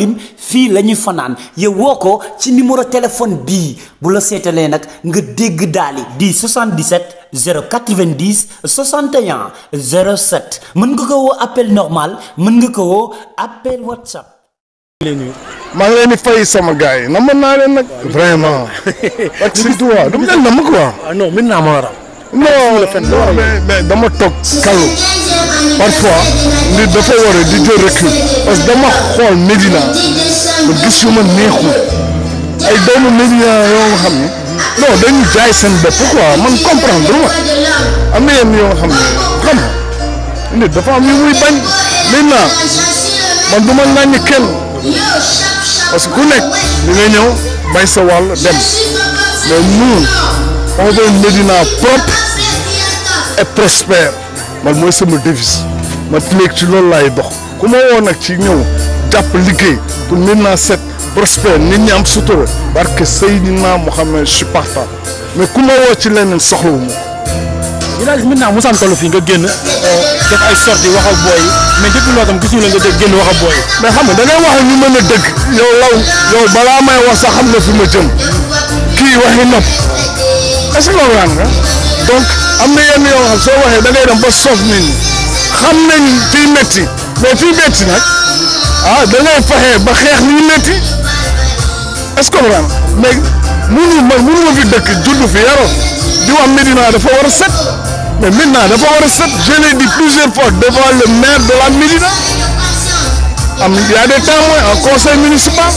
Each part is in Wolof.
lim fii la ñuy fanaan yow woo ko ci numéro téléphone bii bu la seetalee nag nga dégg daali di 77 090 61 07 mën nga ko woo appel normal mën nga ko woo appel whatsapp. maa ngi leen di fay sama gars yi nam naa leen nag. vraiment. surtout waaw du mu leen nam quoi. Ah non mën naa ma war a. non mais dama toog kalu. parfois nit dafa war a di jël recul parce que dama xool Médina ma gis yu ma neexul ay doomu Médina yoo nga xam ne non dañu jaay seen bopp quoi man comprendre ma am na yenn yoo xam ne xam nit dafa am yu muy bañ maintenant man du ma naññ kenn parce que ku nekk di nga ñëw bay sa wàll dem mais nous on veut Médina propre et prospère. man mooy sama devise ma léegi ci loolu laay dox ku ma woo nag ci ñëw jàpp liggéey pour maintenant set prospère nit ñi am sutura parce que Seydina Mouhamed je suis partant mais ku ma woo ci leneen soxlawu ma ko. daal maintenant Moussa Ntolo fii nga génn euh, def ay sorti wax ak booy mais depuis loo xam gis la nga dégg génn wax ak booy mais xam nga da wax ñu mën a dëgg yow law yow balaa may wax sax xam nga fi ma jëm kii waxi nopp est ce que loolu nga donc. am na yenn yoo xam soo waxee da ngay dem ba sof nit ñi xam nañ fii métti mais fii métti nag ah da ngay ba xeex ni ñu métti est-ce que comprendre mais munu ma fi dëkk juddu fi yaroo di wax Médina dafa war a set mais maintenant dafa war set je l'ai dit plusieurs fois devant le maire de la Médina am y a des témoins conseil municipal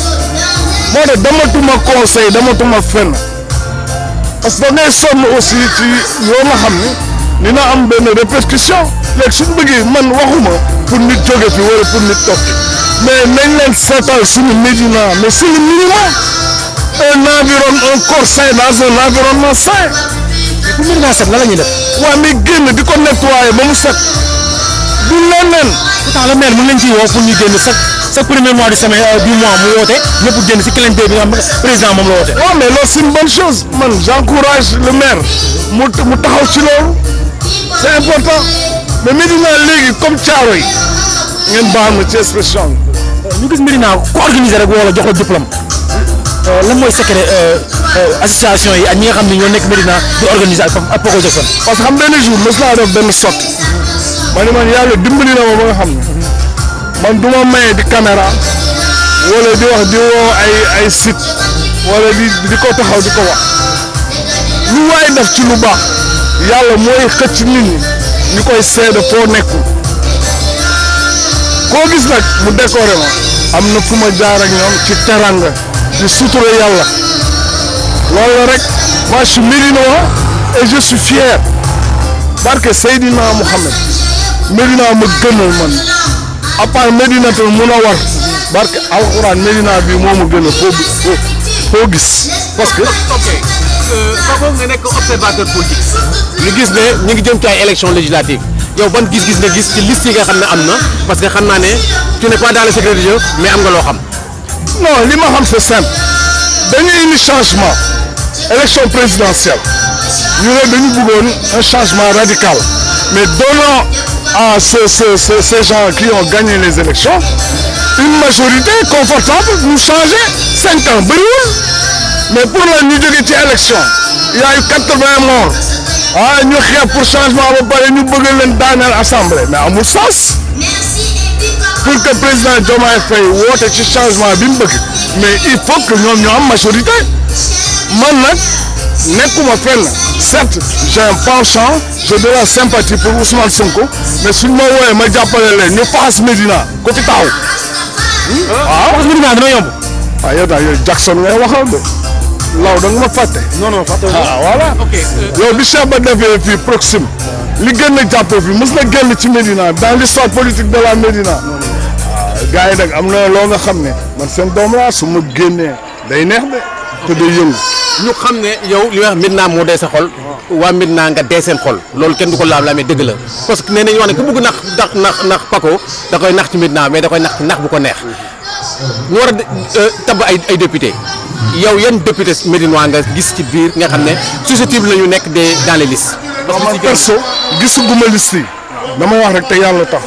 moo tax damatuma conseil damatuma fenn. parce que da ngay sonn aussi ci yoo nga xam ni dina am benn répercussion léegi suñu bëggee man waxuma pour nit jóge fi wala pour nit toog mais nañ leen seetal suñu médina mais c'est le minimum un environnement un corps sain dans un environnement sain. bu mel naa set la la ñuy def. waaw mais génn di ko nettoyer ba mu set du leneen. pourtant le maire mën nañ ci woo pour ñu génn set. chaque premier mois du semaine euh, du mois mu woote ñëpp génn si calendrier bi nga xam président moom la woote. non mais loolu c'est chose man j'encourage le maire mu taxaw ci loolu c'est important mais Médina léegi comme caaro yi ngeen baax ma ci expression euh, ñu gis Médina ko organiser rek wala la diplôme euh, lan mooy secret association yi ak ñi nga xam ne ñoo nekk Médina di organiser ak Paco Jackson. parce que xam benn jour mos naa def benn sotti ma man yàlla dimbali na ma ba man du ma maye di caméra wala di wax di woo ay ay site di di ko taxaw di ko wax lu waay def ci lu baax yàlla mooy xëcc nit ñu koy seede foo nekku koo gis nag mu décoré ma am na fu ma jaar ak ñoom ci teranga di sutura yàlla loolu rek moi je suis médinois et je suis fier Seydina Mohamed Médina ma gënal man. à part Médinatul Munawwar barke alxuraan Médina bi moo ma gën foo gis parce que. ok euh, nga nekk observateur gis ne ñu ngi jëm ci ay élections législatives yow ban gis-gis nga gis ci liste yi nga xam ne am na parce que xam naa ne tu n'es pas dans le mais am nga loo xam. non li ma xam c'est simple dañuy indi changement élection présidentielle ñu ne dañu bëggoon un changement radical mais donnant. à ah, ces, ces, ces, ces, gens qui ont gagné les élections une majorité confortable mu changé cinq ans bëriwul mais pour la ñu jógee ci élection y a eu quatre-vingts morts ah ñu xeex pour changement ba pare ñu bëgg leen daaneel assemblée mais amul sens pour que président Diomaye Faye woote ci changement bi mu bëgg mais il faut que ñoom ñoo am majorité man nag. nekkuma fenn certes j'ai un penchant j'ai de la sympathie pour Ousmane Sonko mais suñ ma wooyee ma jàppale leen ñu faxas Medina ko fi taxaw. waaw hmm? ah? faxas Medina dina yomb. waaw ah, yow daal Jackson ngay waxal de Law da nga ma fàtte. non non fàtte ah euh, bi Cheikh ba defee fii Proxime li gën a fi mës na génn ci Medina dans l'histoire politique de la Medina. waaw ah, gars yi am na loo nga xam ne man seen doom laa su ma génnee day neex de. te yëngu. ñu xam ne yow li wax Médina moo dee sa xol. waa Médina nga dee seen xol. loolu kenn du ko laam-laamee dëgg la parce que nee nañu wax ne ku bëgg nax nax nax nax Paco da koy nax ci Médina mais da koy nax ci nax bu ko neex. ñu war a euh, tabb ay ay député yow yan député médinois nga gis ci biir nga xam ne susceptible la ñu nekk des dans les listes. parce que man perso gisuguma liste yi. dama wax rek te yàlla tax.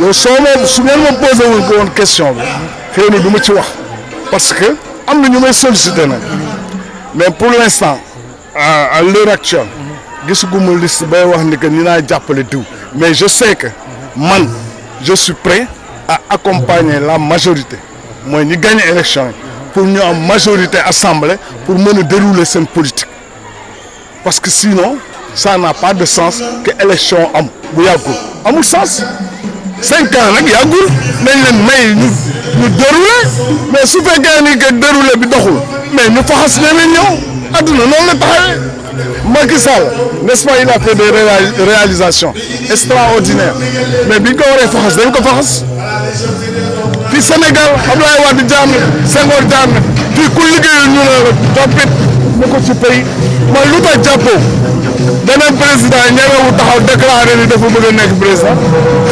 yow soo ma su ngeen ma posé wul woon question bi xëy na am na ñu may sollicité nag mais pour l' instant à l'heure actuelle gisuguma liste bay wax ni que ni naa jàppale diw mais je sais que man je suis prêt à accompagner la majorité mooy ñi gagné élection pour ñu am majorité assemblée pour mën a dérouler seen politique parce que sinon ça n'a pas de sens que élection am bu yàggul amul sens cinq ans nag yàggul nañ leen may ñu ñu déroulé mais su fekkee ni que déroulé bi doxul mais ñu faxas ñeneen ñëw adduna noonu la taxawee Macky Sall n'est-ce pas il a fait des réalisations extraordinaires mais biñ ko waree faxas dañ ko faxas fii Sénégal Abdoulaye Wade jaar na Senghor jaar na fii ku liggéeyul ñu ne la mu ko ci pay mooy lu tax jàppoo beneen président ñemewu taxaw déclaré ni dafa bëgg a nekk président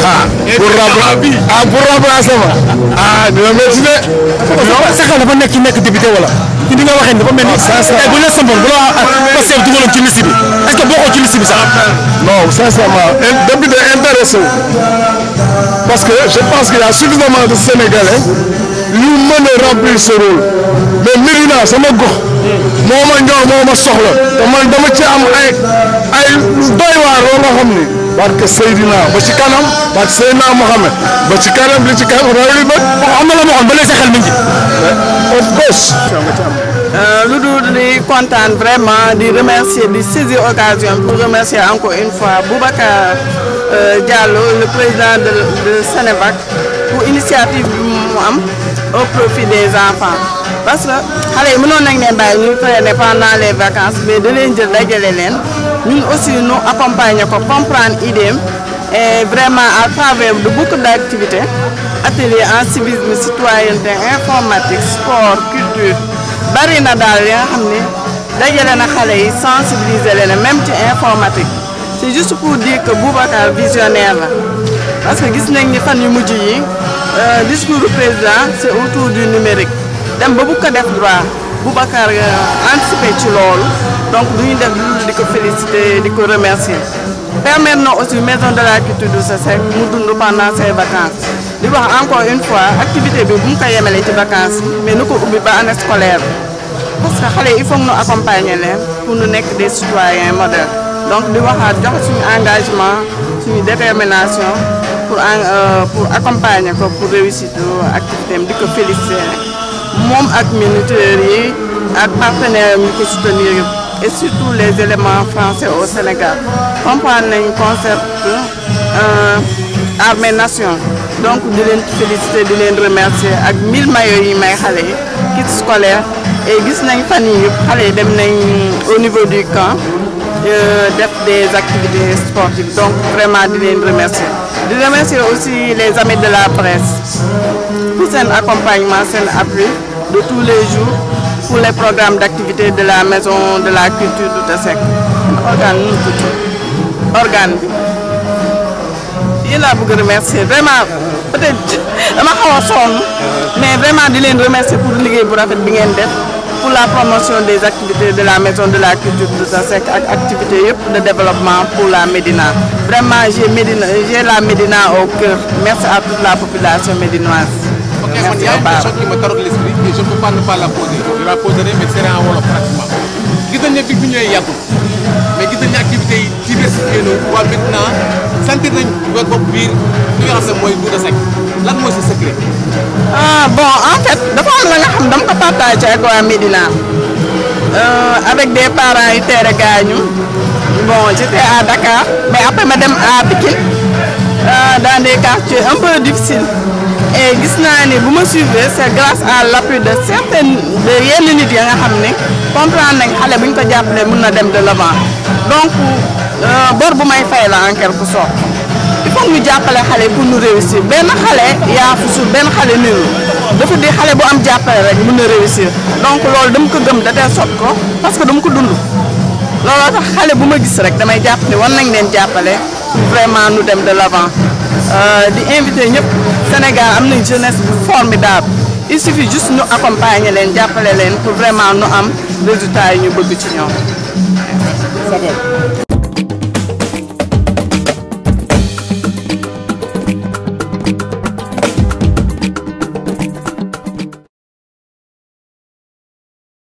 ah pour remplacer ah pour remplacer ma ah dina métti de. sa xel dafa nekk nekk député wala. ci li nga waxee dafa mel ni. sincèrement ah, bu la sëmboon bu la Pastef dugaloon ci liste bi est-ce que bokkoo ci liste bi sax. non sincèrement député intéressé parce que je pense qu'il y a suffisamment de Sénégalais. ñu mën a remplir ce rôle mais Médina sama gox moo ma ñor moo ma soxla te man dama ci am ay ay doy waar loo nga xam ni barke Seydina ba ci kanam barke Seydina Mohamed ba ci kanam li ci kanam raw li am na la ma xam sa xel mi ngi of course euh, lu dul di kontaan vraiment di remercier di saisir occasion pour remercier encore une fois Boubacar euh, Diallo le président de de pour initiative mu am au profit des enfants parce que xale yi mënoon nañ leen bàyyi ñu traîner pendant les vacances mais da leen jël dajale leen ñun aussi ñu accompagner ko comprendre idéem et vraiment à travers de beaucoup d' activité atelier en civisme citoyenneté informatique sport culture bari na daal li xam ni dajale na xale yi sensibiliser leen même ci informatique c' est juste pour dire que Boubacar visionnaire la parce que gis nañ ni fan yu mujj yi. Euh, discours du président c'est autour du numérique dem ba bu ko def droit Boubacar euh, anticiper ci loolu donc du ñu def lu di ko féliciter di ko remercier permettre na aussi maison de la culture du Sessec mu dund pendant ses vacances di wax encore une fois activité bi bu mu ko yemalee ci vacances yi nu ko ubbi ba année scolaire parce que xale il faut nu accompagner leen pour nu nekk des citoyens modernes donc di waxaat jox suñu engagement suñu détermination pour euh, pour accompagner ko pour réussir activité am di ko moom ak militaires yi ak partenaires yi ko soutenir yëpp et surtout les éléments français au Sénégal comprendre nañ concept euh, armée nation donc di leen féliciter di leen remercier ak mille maillots yi may xale yi kit scolaire et gis nañ fan yi yëpp yi dem nañ au niveau du camp euh, def des activités sportives donc vraiment di leen remercier di remercier aussi les amis de la presse pour seen accompagnement seen appui de tous les jours pour les programmes d'activité de la maison de la culture Douta Seck organe nu organe bi yéen laa bëgg a remercier vraiment peut-être dama xaw a mais vraiment di leen remercier pour liggée bu rafet bi ngeen def pour la promotion des activités de la Maison de la Culture de Sassek ak activités yëpp de développement pour la Médina vraiment j'ai Médina j'ai la Médina au cœur merci à toute la population médinoise. ok man y a une l'esprit et je ne peux pas la poser je la poserai mais c'est en wolof pratiquement gis nañ ne bi ñu ñëwee mais gis nañ activités yi diversifié na waa maintenant sentir nañ bopp biir li nga xam ne mooy Douta Seck. lan mooy secret. Ah, bon en fait dafa am la nga xam dama ko partagé ak waa Médina euh, avec des parents yu teel gaañu bon j'étais à Dakar mais après ma dem à Pikine euh, dans des quartiers un peu difficiles et gis naa ni bu ma suivre c'est grâce à l'appui de certaines de yenn nit ya nga xam ne comprendre nañ xale bu ñu ko jàppalee mun na dem de l'avant donc euh, bor bu may fay la en quelque sorte. foog ñu jàppale xale pour nu réussir benn xale yaa fusul benn xale niru dafa dee xale bu am jàppale rek mën na réussir donc loolu dama ko gëm da tey sot ko parce que dama ko dund looloo tax xale bu ma gis rek damay jàpp ni war nañ leen jàppale vraiment nu dem de l'avant euh, di invité ñëpp Sénégal am nañ jeunesse bu formidable il suffit juste ñu accompagner leen jàppale leen pour vraiment nu am résultat yi ñu bëgg ci ñoom